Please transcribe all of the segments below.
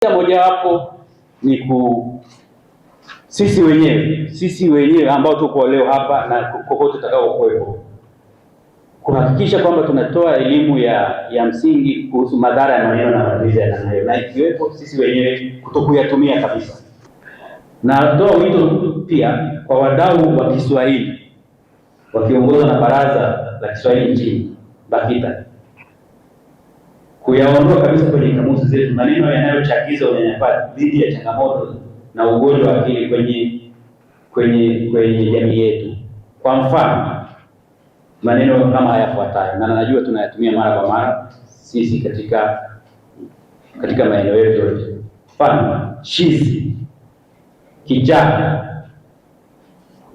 Mojawapo ni ku sisi wenyewe sisi wenyewe ambao tuko leo hapa na kokote tutakao kuwepo, kuhakikisha kwamba tunatoa elimu ya ya msingi kuhusu madhara ya maneno na matumizi yanayo, na ikiwepo sisi wenyewe kutokuyatumia kabisa. Natoa wito pia kwa wadau wa Kiswahili wakiongozwa na Baraza la Kiswahili nchini BAKITA kuyaondoa kabisa kwenye kamusi zetu maneno yanayochagiza unyanyapaa dhidi ya changamoto na ugonjwa wa akili kwenye kwenye kwenye jamii yetu. Kwa mfano, maneno kama hayafuatayo, na najua tunayatumia mara kwa mara sisi katika katika maeneo yetu yote. Mfano, chizi, kichaka,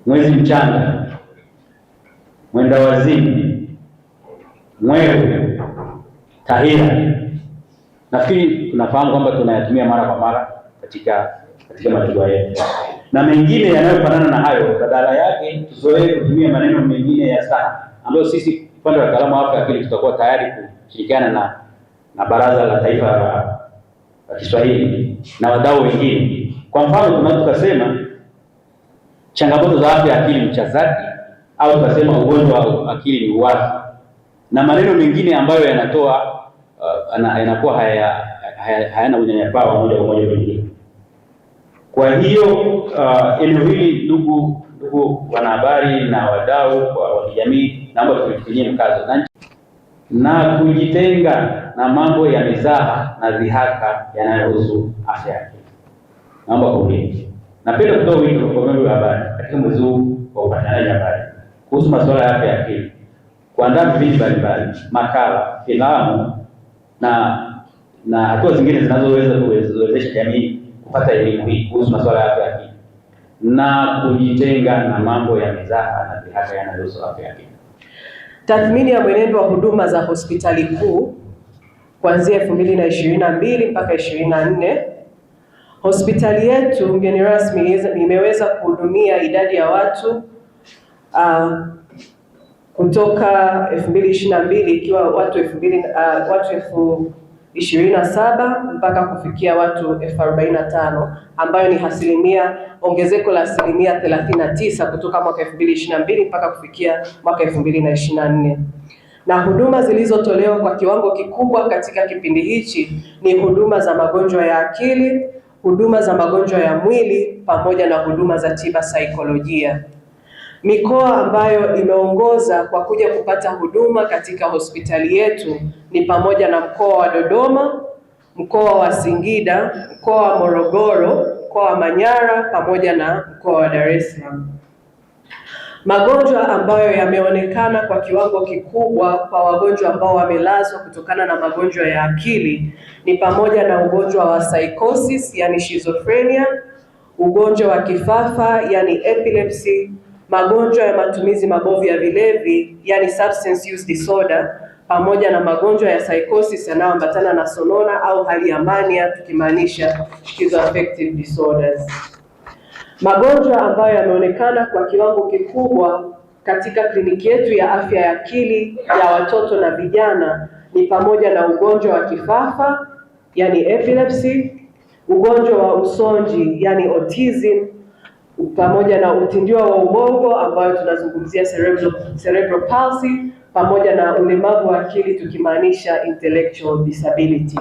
mwezi mchanga, mwenda wazimu, mwewe Tahira nafikiri tunafahamu kwamba tunayatumia mara kwa mara katika katika majukwaa yetu na mengine yanayofanana na hayo. Badala yake tuzoee kutumia maneno mengine ya sana ambayo sisi upande wa wataalamu afya akili tutakuwa tayari kushirikiana na na Baraza la Taifa la Kiswahili na wadau wengine. Kwa mfano, tunaweza tukasema changamoto za afya akili mchazati, au tukasema ugonjwa wa akili ni uwazi na maneno mengine ambayo yanatoa uh, haya hayana unyanyapaa wa moja kwa moja wengine. Kwa hiyo uh, eneo hili ndugu ndugu wanahabari na wadau wa kijamii, naomba tulitilie mkazo na, na kujitenga na mambo ya mizaha na dhihaka yanayohusu afya yake. Naomba kuuliza, napenda kutoa wito kwa vyombo vya habari katika mwezi huu wa upatanaji habari kuhusu masuala ya afya ya akili, kuandaa vipindi mbalimbali, makala, filamu na na hatua zingine zinazoweza kuwezesha jamii kupata elimu hii kuhusu masuala ya afya akili na kujitenga na mambo ya mizaha na dhihaka yanayohusu afya akili. Tathmini ya mwenendo wa huduma za hospitali kuu kuanzia elfu mbili na mbili mpaka ishirini na nne hospitali yetu mgeni rasmi imeweza kuhudumia idadi ya watu uh, kutoka 2022 ikiwa watu elfu mbili uh, watu elfu ishirini na saba mpaka kufikia watu elfu arobaini na tano ambayo ni asilimia ongezeko la asilimia thelathini na tisa kutoka mwaka elfu mbili na mbili mpaka kufikia mwaka elfu mbili na ishirini na nne na huduma zilizotolewa kwa kiwango kikubwa katika kipindi hichi ni huduma za magonjwa ya akili, huduma za magonjwa ya mwili pamoja na huduma za tiba saikolojia. Mikoa ambayo imeongoza kwa kuja kupata huduma katika hospitali yetu ni pamoja na mkoa wa Dodoma, mkoa wa Singida, mkoa wa Morogoro, mkoa wa Manyara pamoja na mkoa wa Dar es Salaam. Magonjwa ambayo yameonekana kwa kiwango kikubwa kwa wagonjwa ambao wamelazwa kutokana na magonjwa ya akili ni pamoja na ugonjwa wa psychosis, yani schizophrenia, ugonjwa wa kifafa, yani epilepsy magonjwa ya matumizi mabovu ya vilevi, yani substance use disorder, pamoja na magonjwa ya psychosis yanayoambatana na sonona au hali ya mania, tukimaanisha schizoaffective disorders. Magonjwa ambayo yameonekana kwa kiwango kikubwa katika kliniki yetu ya afya ya akili ya watoto na vijana ni pamoja na ugonjwa wa kifafa yani epilepsy, ugonjwa wa usonji yani autism pamoja na utindio wa ubongo ambayo tunazungumzia cerebral, cerebral palsy pamoja na ulemavu wa akili tukimaanisha intellectual disability.